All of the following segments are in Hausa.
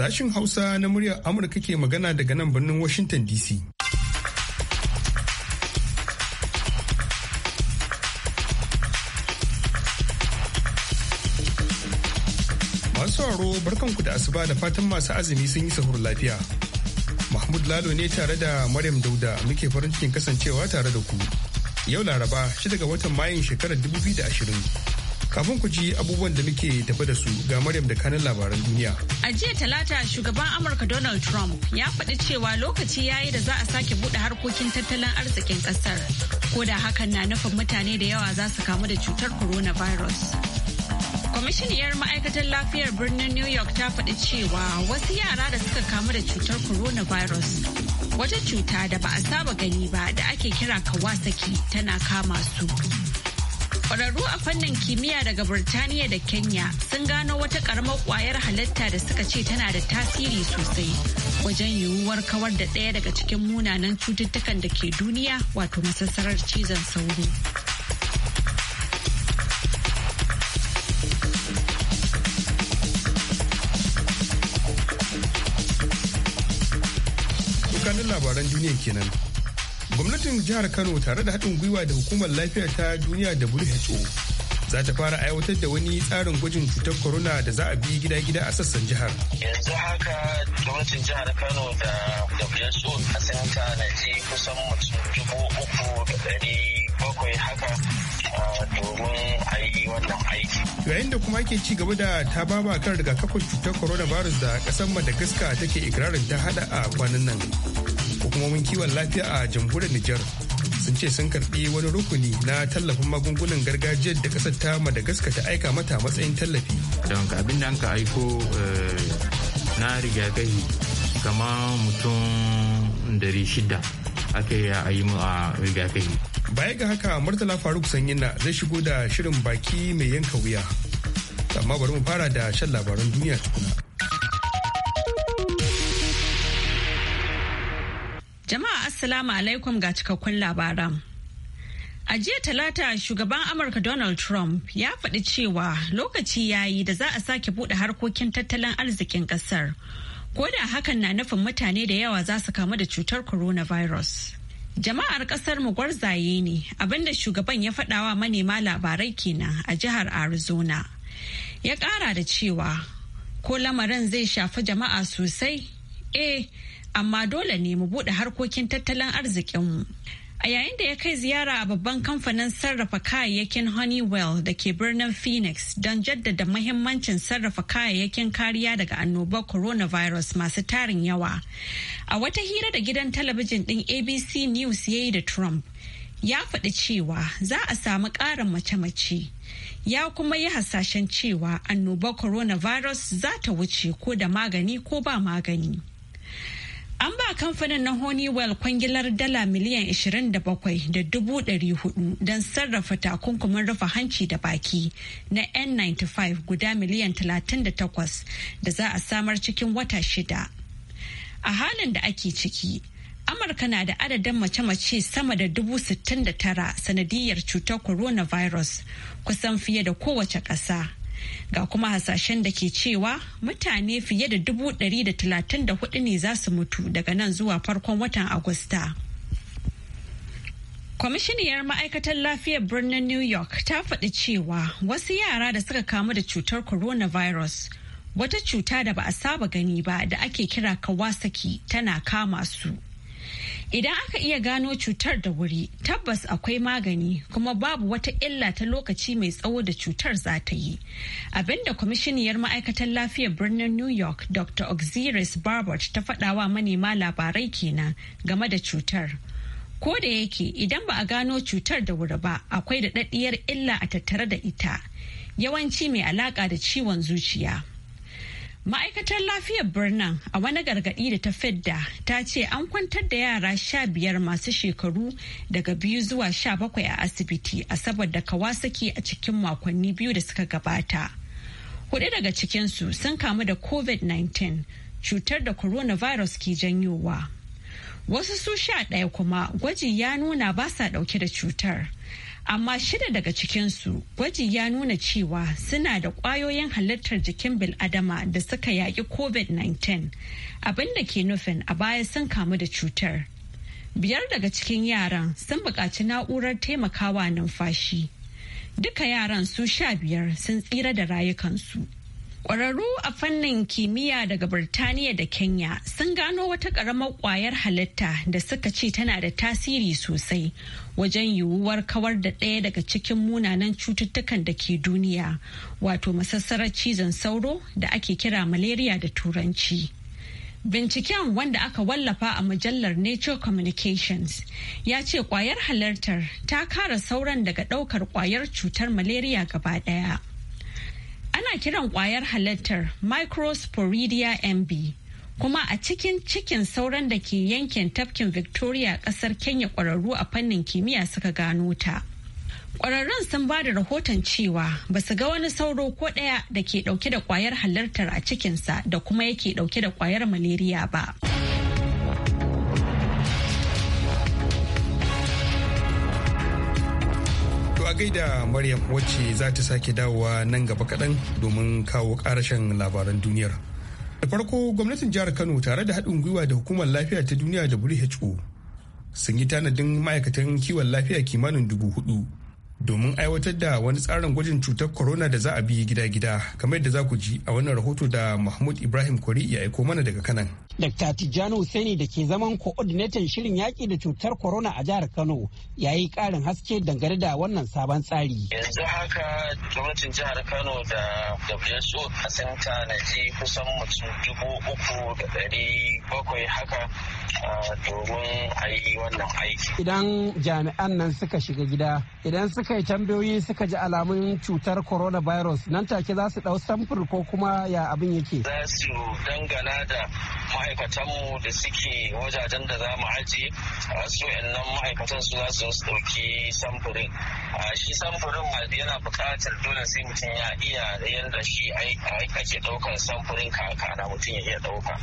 Sashin Hausa na muryar Amurka ke magana daga nan birnin Washington DC. Masu sauraro barkanku da asuba da fatan masu azumi sun yi sahur lafiya. Mahmud Lalo ne tare da Maryam Dauda muke farin cikin kasancewa tare da ku. Yau Laraba, shi daga watan Mayun shekarar 2020. Kafin ku ji abubuwan da muke tafi da su ga Maryam da kanin labaran duniya. A jiya talata shugaban Amurka Donald Trump ya faɗi cewa lokaci ya yi da za a sake buɗe harkokin tattalin arzikin ƙasar. Ko da hakan na nufin mutane da yawa za su kamu da cutar coronavirus. Kwamishiniyar ma'aikatar lafiyar birnin New York ta faɗi cewa wasu yara da suka kamu da cutar coronavirus wata cuta da ba a saba gani ba da ake kira kawasaki tana kama su. Ƙwararru a fannin kimiyya daga Burtaniya da Kenya sun gano wata ƙaramar ƙwayar halitta da suka ce tana da tasiri sosai wajen yiwuwar kawar da ɗaya daga cikin munanan cututtukan da ke duniya wato masassarar cizon sauro. Dukkanin labaran duniya kenan gwamnatin jihar kano tare da haɗin gwiwa da hukumar lafiya ta duniya who za ta fara aiwatar da wani tsarin gwajin cutar corona da za a bi gida-gida a sassan jihar. Yanzu haka gwamnatin jihar Kano da WHO a na tanaji kusan mutum uku da ɗari bakwai haka ah, Yayin da kuma ake ci gaba da ta baba kan rigakafin cutar coronavirus da ƙasar Madagascar take ikirarin ta hada a kwanan nan. hukumomin kiwon lafiya a jamhuriyar Nijar sun ce sun karbi wani rukuni na tallafin magungunan gargajiyar da kasar ta Madagascar ta aika mata matsayin tallafi. Don abin da an ka aiko eh, na rigakafi kama mutum dari shida aka yi a yi a rigakafi. Baya ga haka Murtala Faruk na zai shigo da shirin baki mai yanka wuya. Amma bari mu fara da shan labaran duniya tukuna. Assalamu alaikum ga cikakkun labaran. A jiya talata shugaban Amurka Donald Trump ya faɗi cewa lokaci ya yi da za a sake buɗe harkokin tattalin arzikin ƙasar. Ko da hakan na nufin mutane da yawa za su kamu da cutar coronavirus. Jama'ar ƙasar mu gwarzaye ne abinda shugaban ya faɗawa manema labarai kenan a jihar Arizona. Ya ƙara da cewa ko lamarin zai shafi jama'a sosai eh amma dole ne mu buɗe harkokin tattalin arzikinmu. A yayin da ya kai ziyara a babban kamfanin sarrafa kayayyakin Honeywell da ke birnin Phoenix don jaddada mahimmancin sarrafa kayayyakin kariya daga annobar coronavirus masu tarin yawa. A wata hira da gidan talabijin ɗin ABC News ya yi da Trump, ya faɗi cewa za a samu ƙarin mace-mace. Ya kuma yi hasashen cewa annobar coronavirus za ta wuce ko da magani ko ba magani. An ba kamfanin na Honeywell kwangilar dala miliyan 27 da dubu ɗari hudu don sarrafa takunkumin rufe hanci da baki na N95 guda miliyan 38 da za a samar cikin wata shida. A halin da ake ciki, Amurka na da adadin mace-mace sama da dubu sittin da tara sanadiyar cutar coronavirus kusan fiye da kowace ƙasa. Ga kuma hasashen da ke cewa mutane fiye da dubu ɗari da talatin da hudu ne za su mutu daga nan zuwa farkon watan Agusta. Kwamishiniyar ma'aikatar lafiyar birnin New York ta faɗi cewa wasu yara da suka kamu da cutar coronavirus wata cuta da ba a saba gani ba da ake kira kawasaki tana kama su. Idan aka iya gano cutar da wuri, tabbas akwai magani kuma babu wata illa ta lokaci mai tsawo da cutar za ta yi. Abinda kwamishiniyar ma'aikatar lafiyar birnin New York Dr. Auxiris Barbot ta faɗawa manema labarai kenan game da cutar. Ko da yake idan ba a gano cutar da wuri ba, akwai da illa a tattare da ita, yawanci mai alaƙa da ciwon zuciya. Ma'aikatar lafiyar birnin a wani gargaɗi da ta fidda ta ce an kwantar da yara sha biyar masu shekaru daga biyu zuwa sha bakwai a asibiti a saboda kawasaki a cikin makonni biyu da suka gabata. Hudu daga cikinsu sun kamu da COVID-19 cutar da coronavirus ke janyowa. Wasu su sha ɗaya kuma gwaji ya nuna ba sa ɗauke da cutar. amma shida daga cikinsu gwaji ya nuna cewa suna da ƙwayoyin halittar jikin bil'adama da suka yaƙi covid-19 abinda ke nufin a baya sun kamu da cutar biyar daga cikin yaran sun buƙaci na'urar taimakawa numfashi duka yaran su sha biyar sun tsira da rayukansu Ƙwararru a fannin kimiyya daga Birtaniya da Kenya sun gano wata ƙaramar ƙwayar halitta da suka ce tana da tasiri sosai wajen yiwuwar kawar da ɗaya daga cikin munanan cututtukan da ke duniya wato masassarar cizon sauro da ake kira malaria da turanci. Binciken wanda aka wallafa a mujallar Nature Communications ya ce kwayar halartar ta kara sauran daga ɗaukar kwayar cutar malaria gaba ɗaya. Ana kiran kwayar halartar Microsporidia MB kuma a cikin cikin sauran da ke yankin tafkin victoria kasar kenya kwararru a fannin kimiyya suka gano ta kwararrun sun ba da rahoton cewa ba su ga wani sauro ko ɗaya da ke ɗauke da kwayar halartar a cikinsa da kuma yake ɗauke da kwayar malaria ba. gaida Maryam wacce za ta sake dawowa nan gaba kaɗan domin kawo ƙarashen labaran duniyar. da farko gwamnatin jihar kano tare da haɗin gwiwa da hukumar lafiya ta duniya who sun yi tanadin ma'aikatan kiwon lafiya kimanin dubu hudu domin aiwatar da wani tsarin gwajin cutar corona da za a bi gida-gida kamar yadda za ku ji a wannan rahoto da mahmud ibrahim kwari ya aiko mana daga kanan dr tijjani hussaini da ke zaman coordinator shirin yaƙi da cutar corona a jihar kano ya yi ƙarin haske dangane da wannan sabon tsari yanzu haka gwamnatin jihar kano da wso na ji kusan mutum dubu uku da ɗari bakwai haka domin a yi wannan aiki idan jami'an nan suka shiga gida idan suka kai tambayoyi suka ji alamun cutar coronavirus nan take za su dau samfur ko kuma ya abin yake. Za su dangana da ma'aikatanmu da suke wajajen da za mu ajiye su nan ma'aikatan su za su su ɗauki samfurin. Shi samfurin yana buƙatar dole sai mutum ya iya yadda shi ake ɗaukar samfurin kaka na mutum ya iya dauka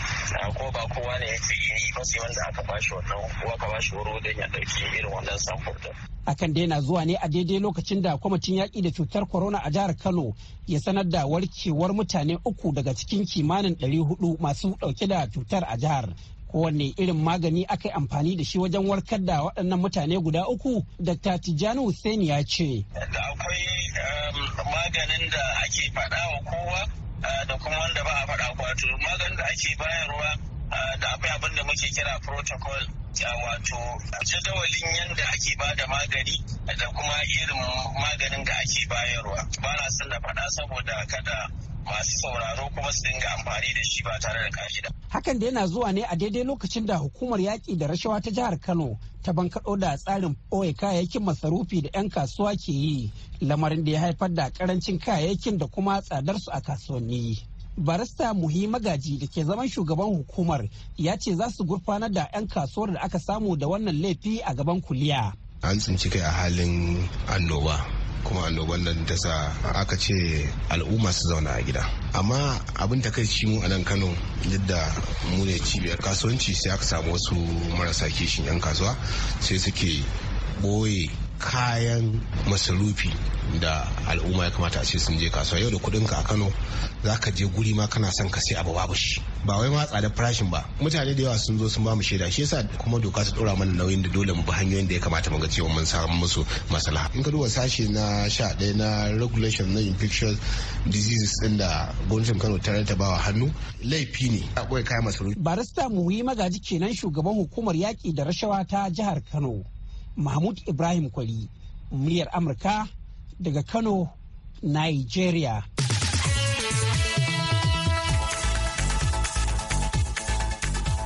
Ko ba kowa ne ya yi ba sai wanda aka bashi wannan ko aka bashi wuri don ya ɗauki irin wannan samfurin. akan daina zuwa ne a daidai lokacin da kwamitin yaƙi da cutar corona a jihar kano ya sanar da warkewar mutane uku daga cikin kimanin ɗari 400 masu ɗauke da cutar a jihar kowanne irin magani aka yi amfani da shi wajen warkar da waɗannan mutane guda uku dr tijjani hussein ya ce da akwai um, maganin da ake faɗa kowa uh, da kuma wanda ba a faɗa maganin da ake bayarwa uh, da akwai abin da muke kira protocol wato jadawalin yadda ake ba da magani da kuma irin maganin da ake bayarwa ba na son na faɗa saboda kada masu sauraro kuma su dinga amfani da shi ba tare da ka'ida. Hakan da yana zuwa ne a daidai lokacin da hukumar yaƙi da rashawa ta jihar Kano ta bankaɗo da tsarin ɓoye kayayyakin masarufi da 'yan kasuwa ke yi lamarin da ya haifar da ƙarancin kayayyakin da kuma tsadarsu a kasuwanni. barista muhi magaji da ke zaman shugaban hukumar ya ce za su gurfanar da 'yan kasuwar da aka samu da wannan laifi a gaban kuliya an tsinci kai a halin annoba kuma annoban nan ta sa aka ce al'umma su zauna a gida amma abin ta kai mu a nan kano yadda mu ne cibiyar kasuwanci sai aka samu wasu marasa kishin 'yan kasuwa sai suke boye kayan masarufi da al'umma ya kamata a ce sun je kasuwa yau da ka a kano za ka je guri ma kana son ka sai abu babu shi ba wai ma tsadar farashin ba mutane da yawa sun zo sun ba mu shaida shi yasa kuma doka su dora mana nauyin da dole mu bi hanyoyin da ya kamata mu ga cewa mun samu musu maslaha in ka duba sashe na sha ɗaya na regulation na infectious diseases din da gwamnatin kano ta ranta bawa hannu laifi ne kai kayan masarufi barista muhi magaji kenan shugaban hukumar yaƙi da rashawa ta jihar kano mahmud ibrahim kwali muryar amurka daga kano nigeria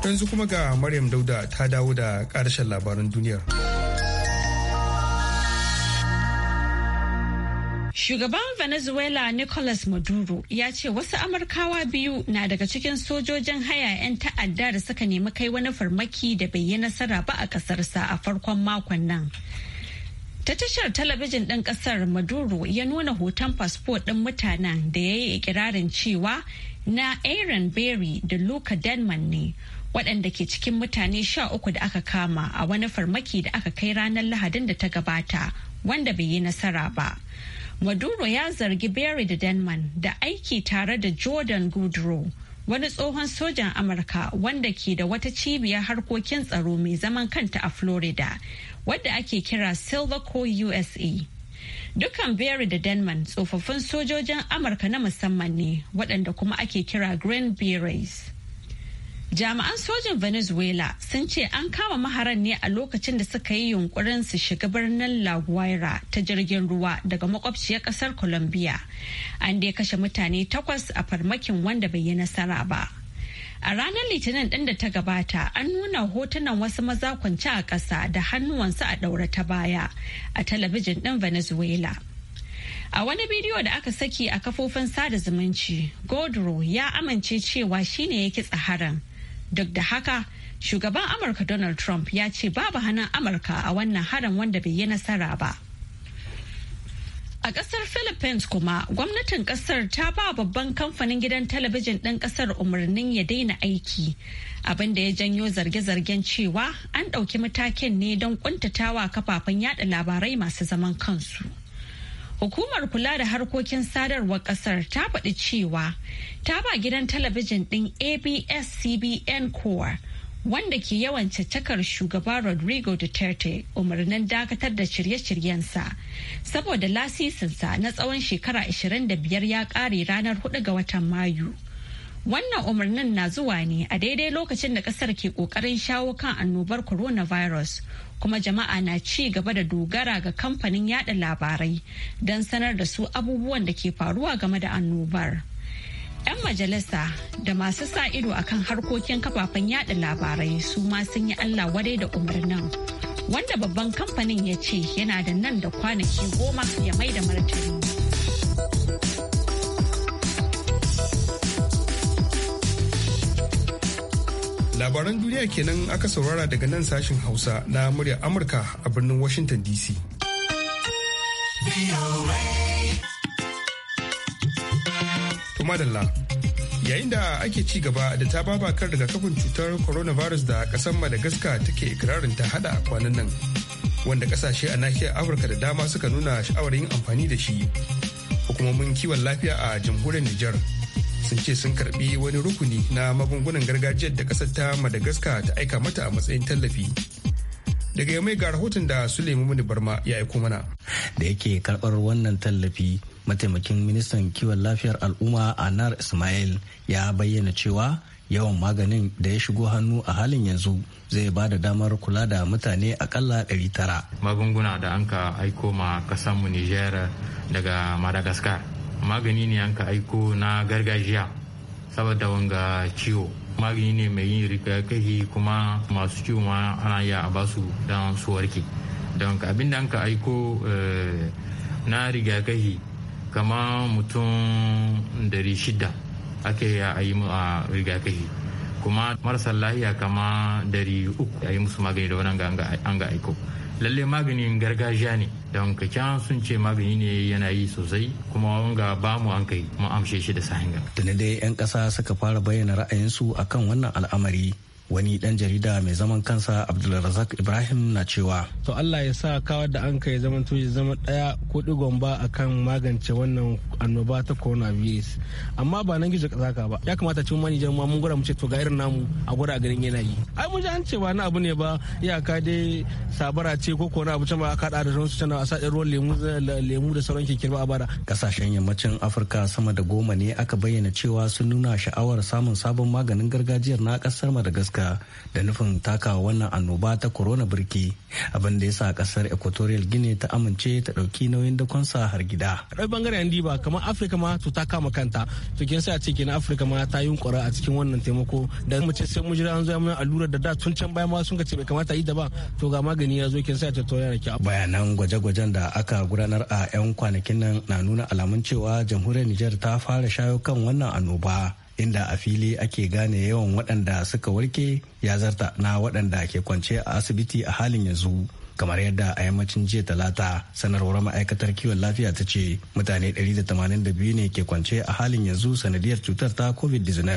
yanzu kuma ga maryam dauda ta dawo da ƙarshen labaran duniyar. Shugaban Venezuela Nicolas Maduro ya ce wasu Amurkawa biyu na daga cikin sojojin haya 'yan ta'adda da suka nemi kai wani farmaki da bai yi nasara ba a kasarsa a farkon makon nan. Ta tashar talabijin ɗin ƙasar Maduro ya nuna hoton fasfo ɗin mutanen da ya yi ikirarin cewa na Aaron Berry da Luka Denman ne. waɗanda ke cikin mutane sha uku da aka kama a wani farmaki da aka kai ranar lahadin da ta gabata wanda bai yi nasara ba Maduro ya zargi Barry da Denman da aiki tare da Jordan Goodrow, wani tsohon sojan Amurka wanda ke da wata cibiyar harkokin tsaro mai zaman kanta a Florida, wadda ake kira Silver Co. USA. Dukan Barry da Denman tsofaffin sojojin Amurka na musamman ne, waɗanda kuma ake kira Green Berets. Jami'an sojin Venezuela sun ce an kama maharan ne a lokacin da suka yi yunkurin su shiga birnin La Guaira ta jirgin ruwa daga makwabciyar kasar Colombia. An dai kashe mutane takwas a farmakin wanda bai yi nasara ba. A ranar Litinin ɗin da ta gabata an nuna hotunan wasu maza kwance a ƙasa da hannuwansu a ɗaure ta baya a talabijin ɗin Venezuela. A wani bidiyo da aka saki a kafofin sada zumunci, Godro ya amince cewa shine ya kitsa haram duk da haka shugaban amurka donald trump ya ce babu hannun amurka a wannan harin wanda bai yi nasara ba a kasar philippines kuma gwamnatin kasar ta ba babban kamfanin gidan talabijin ɗin kasar umarnin ya daina aiki abinda ya janyo zarge-zargen cewa an ɗauki matakin ne don kuntatawa kafafen yada labarai masu zaman kansu Hukumar kula da harkokin sadarwar kasar ta faɗi cewa ta ba gidan talabijin ɗin ABS-CBN core wanda ke yawan caccakar shugaba Rodrigo Duterte umarnin dakatar da shirye-shiryensa saboda lasisinsa na tsawon shekara 25 ya ƙare ranar 4 ga watan Mayu. Wannan umarnin na zuwa ne a daidai lokacin da kasar ke kokarin shawo kan annobar coronavirus kuma jama'a na ci gaba da dogara ga kamfanin yada labarai don sanar da su abubuwan da ke faruwa game da annobar. 'Yan majalisa da masu sa ido akan harkokin kafafen yada labarai su ma sun yi Allah wadai da umarnin. Wanda babban kamfanin ya ce yana da nan da kwanaki goma ya mai da martani. labaran duniya kenan aka saurara daga nan sashen hausa na muryar amurka a birnin washington dc madalla yayin da ake ci gaba da ta daga kafin cutar coronavirus da kasar madagascar take ikirarin ta hada a kwanan nan wanda kasashe a nahiyar afirka da dama suka nuna sha'awar yin amfani da shi hukumomin kiwon lafiya a jamhuriyar Nijar. sun ce sun karbi wani rukuni na magungunan gargajiyar da kasar ta madagascar ta aika mata a matsayin tallafi daga yamai ga rahoton da suleiman muni barma ya aiko mana da yake karbar wannan tallafi mataimakin ministan kiwon lafiyar al'umma anar ismail ya bayyana cewa yawan maganin da ya shigo hannu a halin yanzu zai ba da damar kula da mutane akalla 900 magunguna da an ka aiko ma kasanmu niger daga madagascar magani ne an ka aiko na gargajiya saboda wanga ciwo magani ne mai yin rigakafi kuma masu ciwo ma ana iya a basu don su warke don abin da an ka aiko eh, na rigakafi kama mutum dari shida ake ya a yi a rigakafi kuma marasa lahiya kama dari uku a yi musu magani da wani an ga aiko lalle maganin gargajiya ne don can sun ce magani ne yana yi sosai kuma wanga ba mu an kai mu amshe shi da sahinga. Tuni dai 'yan ƙasa suka fara bayyana ra'ayinsu akan wannan al'amari wani dan jarida mai zaman kansa abdulrazak ibrahim na cewa to allah ya sa kawar da an kai zaman tuji zama daya ko digon ba akan magance wannan annoba ta coronavirus amma ba nan gizo kasaka ba ya kamata cikin mani jama mun gura mu ce to ga irin namu a gura garin yanayi yi ai mun ji an ce ba na abu ne ba iyaka dai sabara ce ko kona abu can ba aka da su can a sa ruwan lemu lemu da sauran keke ba a bara kasashen yammacin afirka sama da goma ne aka bayyana cewa sun nuna sha'awar samun sabon maganin gargajiyar na kasar madagascar Afirka da nufin taka wannan annoba ta corona birki abin da ya sa kasar equatorial guinea ta amince ta dauki nauyin dakonsa har gida rai bangare yan diba kamar afirka ma to ta kama kanta to kin sai a ce kenan afirka ma ta yunkura a cikin wannan taimako da mu ce sai mu jira an zo mana allura da da tun can baya ma sun ka ce bai kamata yi da ba to ga magani ya zo kin sai ta tauya da kyau bayanan gwaje-gwajen da aka gudanar a yan kwanakin nan na nuna alamun cewa jamhuriyar Nijar ta fara shayo kan wannan annoba inda a fili ake gane yawan waɗanda suka warke ya zarta na waɗanda ke kwance a asibiti a halin yanzu kamar yadda a yammacin jiya talata sanarwar ma'aikatar kiwon lafiya ta ce mutane 182 ne ke kwance a halin yanzu sanadiyar cutar ta covid-19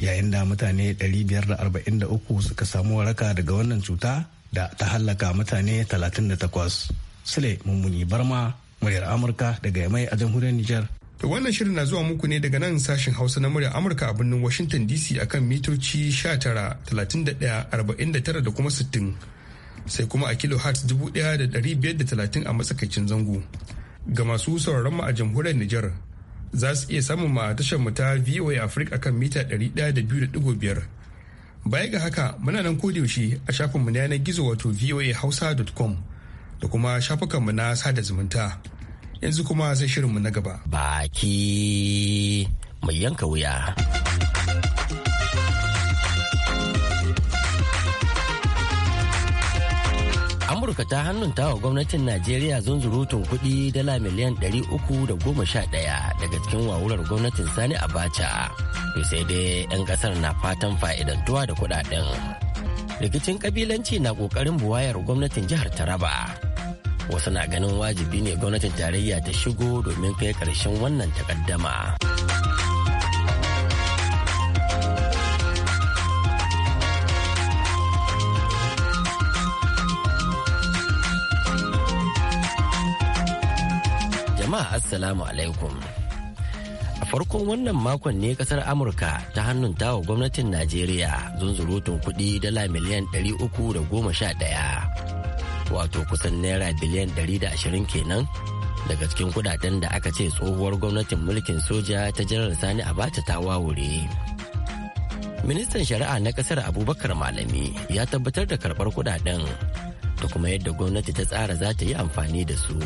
yayin da mutane 543 suka samu waraka daga wannan cuta da ta hallaka mutane 38 sule mummuni barma muryar amurka daga mai a jamhuriyar nijar. Wannan shirin na zuwa muku ne daga nan sashen Hausa na murya Amurka a birnin Washington DC akan mitoci 19,31,49 da kuma 60. Sai kuma a kilohertz 1,530 a matsakaicin zango. Ga masu sauraron mu a jamhuriyar Nijar za su iya samun ma tashar mu ta VOA Africa akan mita 102.5. Baya ga haka muna nan yaushe a shafinmu na yanar gizo wato voahausa.com da kuma shafukanmu na sada zumunta. yanzu kuma sai shirinmu na gaba baki mai yanka wuya amurka ta hannunta wa gwamnatin najeriya zunzurutun kuɗi dala miliyan 311 daga cikin wawurar gwamnatin sani abacha to sai dai 'yan kasar na fatan fa'idantuwa da kuɗaɗen rikicin ƙabilanci na ƙoƙarin buwayar gwamnatin jihar taraba wasu na ganin wajibi ne gwamnatin tarayya ta shigo domin kai ƙarshen wannan takaddama. jama'a assalamu alaikum a farkon wannan makon ne kasar amurka ta hannun tawa gwamnatin najeriya zunzurutun kudi dala miliyan 311 wato kusan naira biliyan 120 kenan daga cikin kudaden da aka ce tsohuwar gwamnatin mulkin soja ta janar sani a Bata ta wawure ministan shari'a na kasar abubakar malami ya tabbatar da karbar kudaden da kuma yadda gwamnati ta tsara za ta yi amfani da su.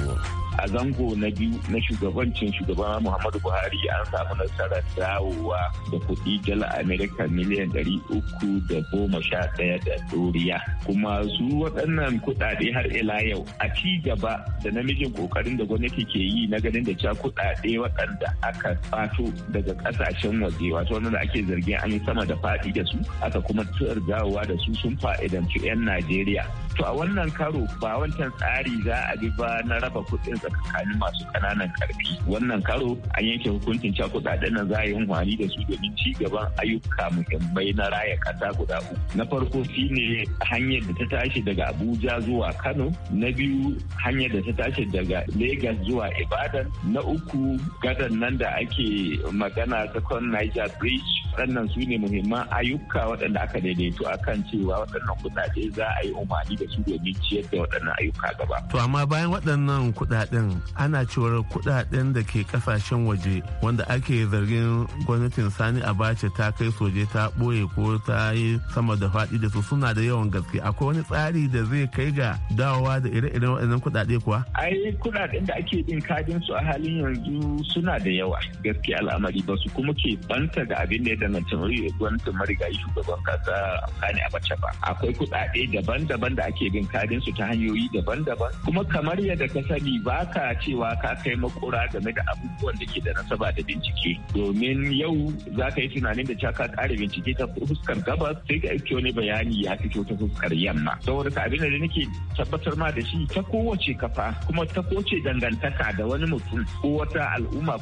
a zango na biyu na shugabancin shugaba muhammadu buhari an samu nasarar dawowa da kuɗi dala amerika miliyan ɗari uku da goma sha ɗaya da doriya kuma su waɗannan kuɗaɗe har ila yau a ci gaba da namijin ƙoƙarin da gwamnati ke yi na ganin da ca kuɗaɗe waɗanda aka fato daga ƙasashen waje wato wanda ake zargin an yi sama da faɗi da su aka kuma dawowa da su sun fa'idanci 'yan najeriya to a wannan karo ba wancan tsari za a ji ba na raba kuɗin tsakanin masu kananan karfi wannan karo an yanke hukuncin cewa kudaden nan za a yi amfani da su domin ci gaban ayyuka muhimmai na raya kasa guda uku na farko shine hanyar da ta tashi daga abuja zuwa kano na biyu hanyar da ta tashi daga lagos zuwa ibadan na uku gadan nan da ake magana second niger bridge waɗannan su ne muhimman ayyuka waɗanda aka daidaito a kan cewa waɗannan kuɗaɗe za a yi amfani da su domin ciyar da waɗannan ayyuka gaba. To amma bayan waɗannan kuɗaɗe kudaden ana cewar kudaden da ke kasashen waje wanda ake zargin gwamnatin sani abace ta kai soje ta boye ko ta yi sama da faɗi da su suna da yawan gaske akwai wani tsari da zai kai ga dawowa da ire-iren waɗannan kudade kuwa ai kudaden da ake bin kadin su a halin yanzu suna da yawa gaske al'amari ba su kuma ke banta da abin da ya danganci gwamnatin marigayi shugaban kasa sani abace ba akwai kudade daban-daban da ake bin kadin su ta hanyoyi daban-daban kuma kamar yadda ka sani ba ba cewa ka kai makura game da abubuwan da ke da nasaba da bincike domin yau za ka yi tunanin da cewa ka kare bincike ta fuskar gabas sai ka aiki wani bayani ya fito ta fuskar yamma saboda ka abin da nake tabbatar ma da shi ta kowace kafa kuma ta kowace dangantaka da wani mutum ko wata al'umma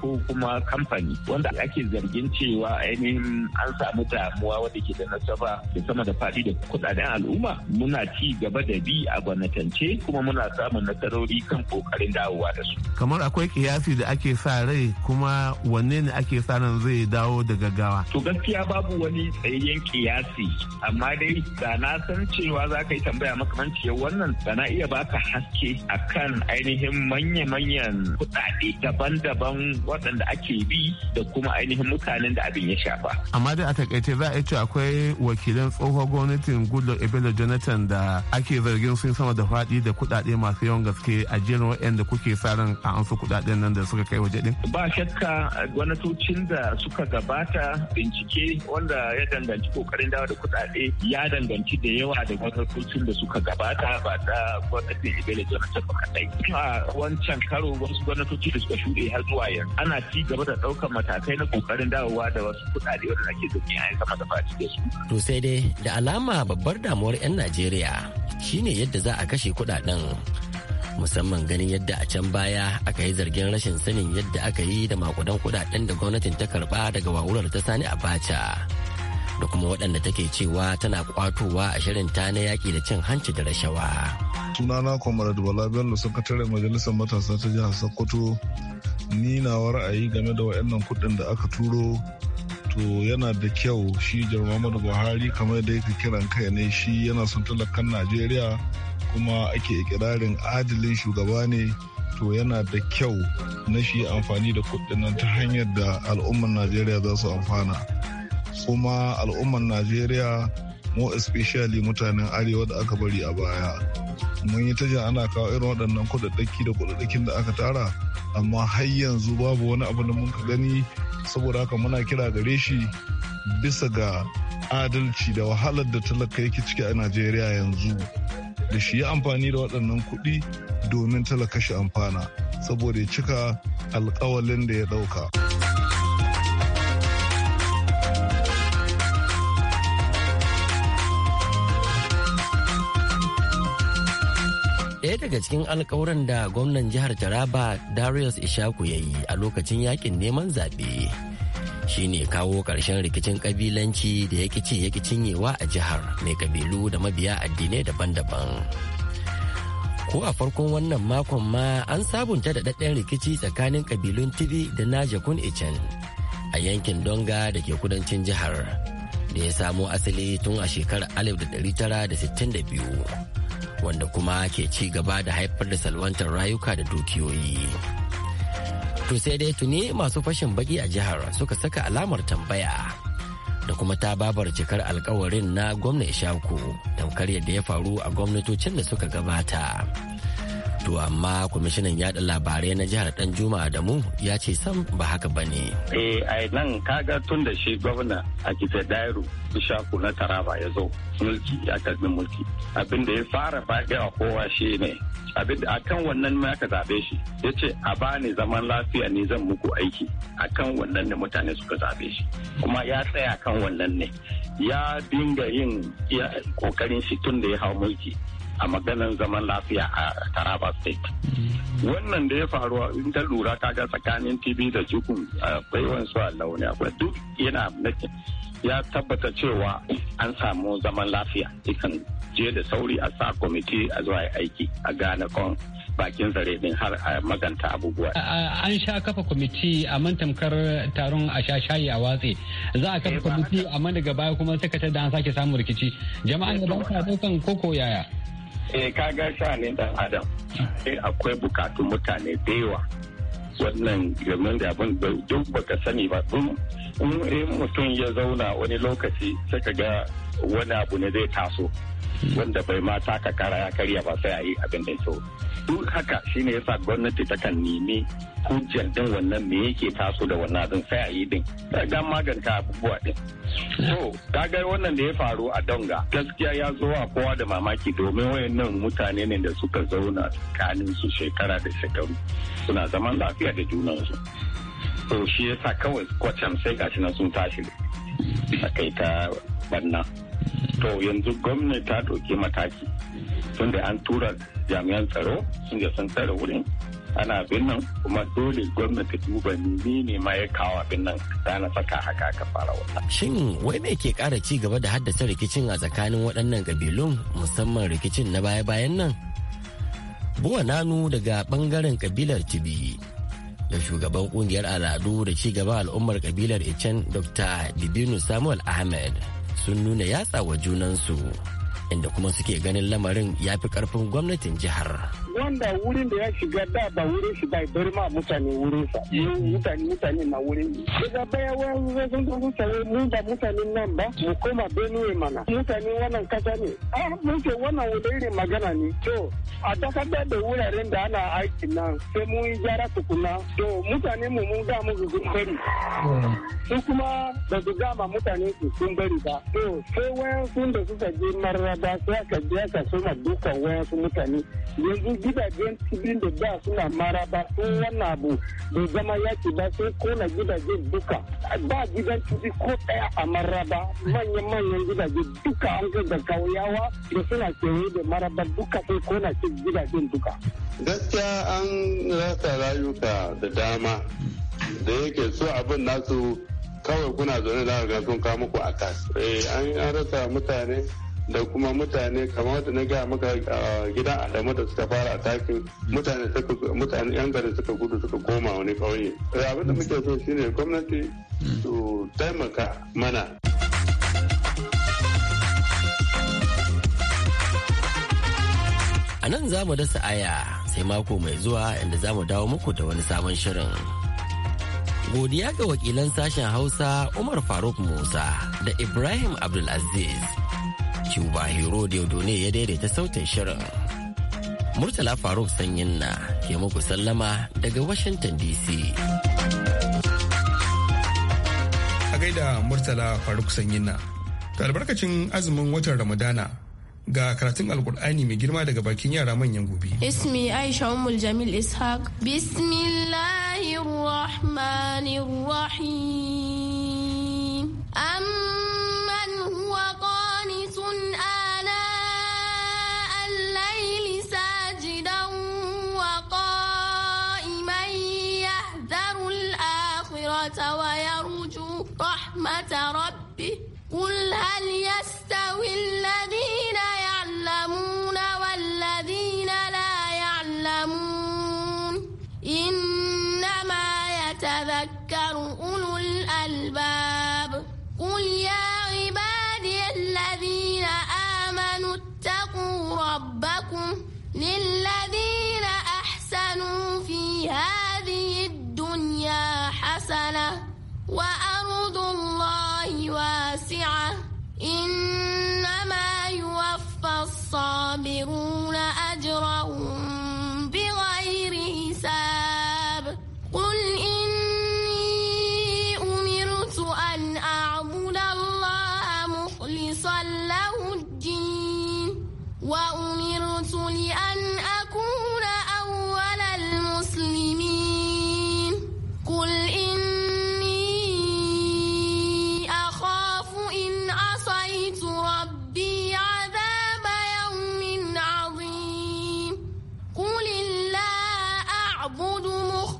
ko kuma kamfani wanda ake zargin cewa ainihin an samu damuwa wanda ke da nasaba da sama da faɗi da kudaden al'umma muna ci gaba da bi a gwamnatance kuma muna samun nasarori kan kan kokarin dawowa da su kamar akwai kiyasi da ake sa rai kuma wanne ne ake sa ran zai dawo da gaggawa to gaskiya babu wani tsayayyen kiyasi amma dai da na san cewa za ka yi tambaya makamanciyar wannan da na iya baka haske akan ainihin manya-manyan kuɗaɗe daban-daban waɗanda ake bi da kuma ainihin mutanen da abin ya shafa amma dai a takaice za a ce akwai wakilan tsohon gwamnatin goodluck ebele jonathan da ake zargin sun sama da faɗi da kuɗaɗe masu yawan gaske a yarjejeniyar da kuke sa ran a an su nan da suka kai waje din? Ba shakka gwamnatocin da suka gabata bincike wanda ya danganci kokarin dawo da kudade. ya danganci da yawa da gwamnatocin da suka gabata ba da gwamnatin Ibele Jonathan ba kadai. A wancan karo wasu gwamnatoci da suka shuɗe har zuwa yanzu ana ci gaba da ɗaukar matakai na kokarin dawowa da wasu kudade wanda ake zaune a yanka da faci da su. To sai dai da alama babbar damuwar 'yan Najeriya shine yadda za a kashe kudaden. musamman ganin yadda a can baya aka yi zargin rashin sanin yadda aka yi da makudan kudaden da gwamnatin ta karba daga wawurar ta sani abacha da kuma waɗanda take cewa tana kwatowa a shirin ta na yaƙi da cin hanci da rashawa. sunana comrade bala bello sakataren majalisar matasa ta jihar sokoto ni na ra'ayi game da waɗannan kuɗin da aka turo to yana da kyau shi muhammadu buhari kamar da yake kiran kai ne shi yana son talakan najeriya kuma ake ikirarin adalin shugaba ne to yana da kyau na shi amfani da kudin nan ta hanyar da al'ummar najeriya za su amfana kuma al'ummar najeriya mo especially mutanen arewa da aka bari a baya mun yi ta ana kawo irin waɗannan kudaddaki da kudaddakin da aka tara amma har yanzu babu wani abu da mun gani saboda haka muna kira gare shi bisa ga adalci da wahalar da talaka yake ciki a najeriya yanzu da shi ya amfani da waɗannan kuɗi domin talakashi amfana saboda ya cika alkawalin da ya ɗauka. Ɗaya daga cikin alkawuran da gwamnan jihar Taraba Darius Ishaku ya yi a lokacin yakin neman zaɓe shine kawo ƙarshen rikicin kabilanci da yake ci yake cinyewa a jihar mai kabilu da mabiya addinai daban-daban. Ko a farkon wannan makon ma an sabunta da daɗaɗɗen rikici tsakanin kabilun Tibi da Najakun Icen a yankin Donga da ke kudancin jihar da ya samo asali tun a shekarar 1962 wanda kuma ke ci gaba da haifar da salwantar rayuka da dukiyoyi. To sai dai tuni masu fashin baki a jihar suka saka alamar tambaya da kuma ta babar cikar alkawarin na gwamna Ishaku tamkar yadda ya faru a gwamnatocin da suka gabata. To amma kwamishinan yada labarai na jihar Dan Juma mu ya ce sam ba haka ba ne. Eh ai nan kaga tun da shi gwamna a kita Dairu na Taraba ya zo mulki ya karbi mulki. Abin ya fara fage a kowa shi ne. Abin da akan wannan ma aka zabe shi. Ya ce a bani zaman lafiya ne zan muku aiki. Akan wannan ne mutane suka zabe shi. Kuma ya tsaya kan wannan ne. Ya dinga yin kokarin shi tun da ya hau mulki. a maganar zaman lafiya a taraba state wannan da ya faru in ta lura kaga tsakanin tv da jukun akwai wansu a launi akwai duk yana ya tabbata cewa an samu zaman lafiya ikan je da sauri a sa kwamiti a zuwa aiki a gane kon bakin zare din har a maganta abubuwa. An sha kafa kwamiti a man tamkar taron a sha shayi a watse. Za a kafa eh, kwamiti amma daga baya kuma sakatar da an sake samun rikici. Jama'an da eh, ba sa daukan koko yaya. Eh, ka ga shanin dan adam sai akwai bukatun mutane da yawa wannan game da abin da duk baka sani ba in mutum ya zauna wani lokaci sai ka ga wani abu ne zai taso wanda bai ma taka kara ya karya ba sai a yi abin da so duk haka shine yasa gwamnati takan nemi hujjar din wannan me yake taso da wannan din sai a yi din ga maganta abubuwa din so kaga wannan da ya faru a donga gaskiya ya zo a kowa da mamaki domin wayannan mutane ne da suka zauna tsakanin su shekara da shekaru suna zaman lafiya da junansu to shi yasa kawai kwacan sai gashi nan sun tashi a kai ta banna to yanzu gwamnati ta ɗauki mataki tun da an tura jami'an tsaro sun ga sun tsare wurin ana abin nan kuma dole gwamnati duba ni ne ma ya kawo abin nan na saka haka aka fara wata. Shin wai me ke ƙara ci gaba da haddasa rikicin a tsakanin waɗannan kabilun musamman rikicin na baya-bayan nan? Buwa Nanu daga ɓangaren kabilar Tibi da shugaban kungiyar al'adu da ci gaba al'ummar kabilar Icen Dr. Dibinu Samuel Ahmed sun nuna yatsa wa junansu inda kuma suke ganin lamarin ya fi karfin gwamnatin jihar. wanda wurin da ya shiga da ba wurin shi bai bari ma mutane wurin sa mm-hmm. mutane mutane na wurin daga baya wani zai zo mutane mu ba mutane nan ba mu koma Benue mana mutane wannan kasa ne ah mun ce wannan wani magana ne to a dakatar da wuraren da ana aiki nan sai mun yi gyara tukuna to mutane mu mun ga mu gugun bari mm-hmm. su kuma ba su gama mutane su sun bari ba to sai wayan sun da suka je mararaba sai aka je aka soma dukan wayan su mutane yanzu gidajen filin da ba suna mara ba sun wannan abu da zama yaki ba sai kona gidajen duka ba gidan cibi ko daya a maraba manyan-manyan gidaje duka an ga da kauyawa da suna kewaye da maraba duka sai kona gidajen duka gaskiya an rasa rayuka da dama da yake so abin nasu kawai kuna zaune da ga sun kawo muku a kas eh, an rasa mutane da kuma mutane kamar da na gaya maka gidan adamu da suka fara takin mutane mutane yan gari suka gudu suka koma wani kauye abin da muke so shine gwamnati su taimaka mana a nan za mu dasa aya sai mako mai zuwa inda za mu dawo muku da wani sabon shirin godiya ga wakilan sashen hausa umar faruk musa da ibrahim abdulaziz Cuba Hero Diodone ya daidaita sautin shirin. Murtala Faruk Sanyin na ke muku sallama daga Washington DC. A gaida Murtala Faruk Sanyin na, ta albarkacin azumin watan Ramadana ga karatun alkur'ani mai girma daga bakin yara manyan gobe. Ismi Aisha Umul Jamil Ishaq. Bismillahirrahmanirrahim. Amma يتذكر أولو الألباب قل يا عبادي الذين آمنوا اتقوا ربكم لله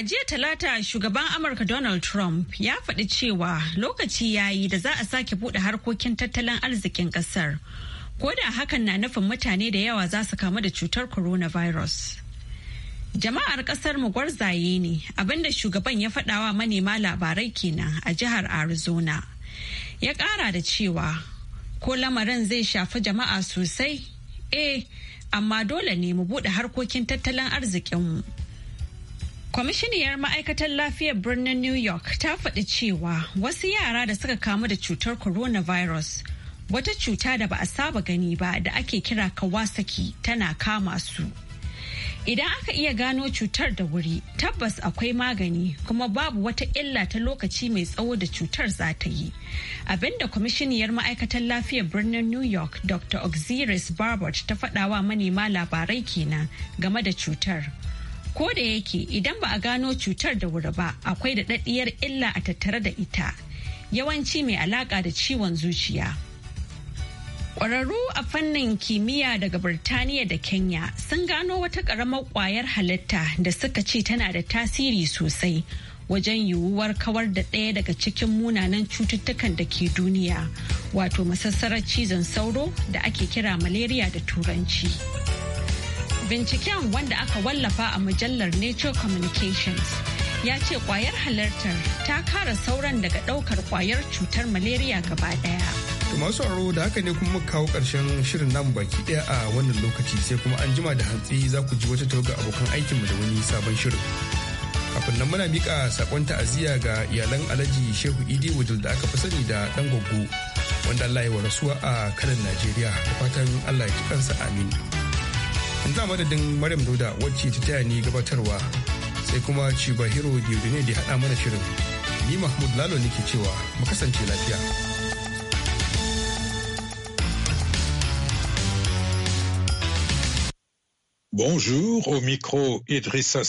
A jiya talata shugaban Amurka Donald Trump ya faɗi cewa lokaci ya yi da za a sake buɗe harkokin tattalin arzikin ƙasar. Ko da hakan na nufin mutane da yawa za su kamu da cutar coronavirus. Jama'ar ƙasar mu gwarzaye ne abinda shugaban ya faɗawa manema labarai kenan a jihar Arizona. Ya ƙara da cewa ko lamarin zai shafi jama'a sosai? Eh, amma dole ne mu buɗe harkokin tattalin arzikinmu. Kwamishiniyar ma'aikatar lafiyar birnin New York ta faɗi cewa wasu yara da suka kamu da cutar coronavirus wata cuta da ba a saba gani ba da ake kira kawasaki tana kama su. Idan aka iya gano cutar da wuri tabbas akwai magani kuma babu wata illa ta lokaci mai tsawo da cutar za ta yi. Abinda kwamishiniyar ma'aikatar lafiyar birnin New York Dr. Auxiris Barbot ta faɗawa manema labarai kenan game da cutar. Ko da yake idan ba a gano cutar da wuri ba akwai da daɗiyar illa a tattare da ita, yawanci mai alaƙa da ciwon zuciya. Ƙwararru a fannin kimiyya daga Birtaniya da Kenya sun gano wata ƙaramar ƙwayar halitta da suka ce tana da tasiri sosai wajen yiwuwar kawar da ɗaya daga cikin munanan cututtukan da ke duniya, wato masassarar cizon sauro da ake kira malaria da turanci. Binciken wanda aka wallafa a mujallar Nature Communications ya ce kwayar halartar ta kara sauran daga daukar kwayar cutar malaria gaba daya. masu aro da haka ne kuma kawo karshen shirin namu baki daya a wannan lokaci sai kuma an jima da hantsi za ku ji wata tawaga abokan aikinmu da wani sabon shirin. Kafin nan muna mika sakon ta'aziyya ga iyalan Alhaji Shehu Idi wujil da aka fi sani da dan goggo wanda Allah ya wa rasuwa a kanan Najeriya da fatan Allah ya ji kansa amin. Ina madadin Maryam Doda wacce ta taya ni gabatarwa sai kuma Ciba Hero da haɗa mana shirin. Ni Mahmud Lalo nake cewa mu kasance lafiya. Bonjour, au micro Idrissa